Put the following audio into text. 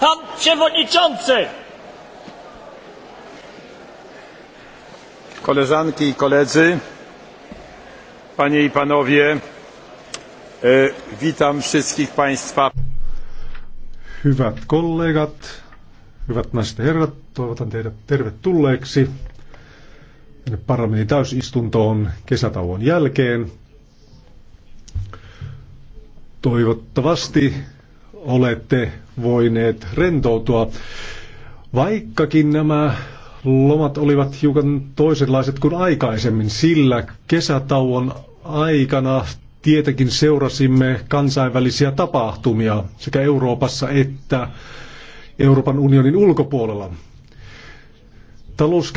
Pan Przewodniczący! Koleżanki i koledzy, Panie i Panowie, e, witam wszystkich Państwa. Hyvät kollegat, hyvät naiset ja herrat, toivotan teidät tervetulleeksi tänne parlamentin täysistuntoon kesätauon jälkeen. Toivottavasti olette voineet rentoutua. Vaikkakin nämä lomat olivat hiukan toisenlaiset kuin aikaisemmin, sillä kesätauon aikana tietenkin seurasimme kansainvälisiä tapahtumia sekä Euroopassa että Euroopan unionin ulkopuolella. Talous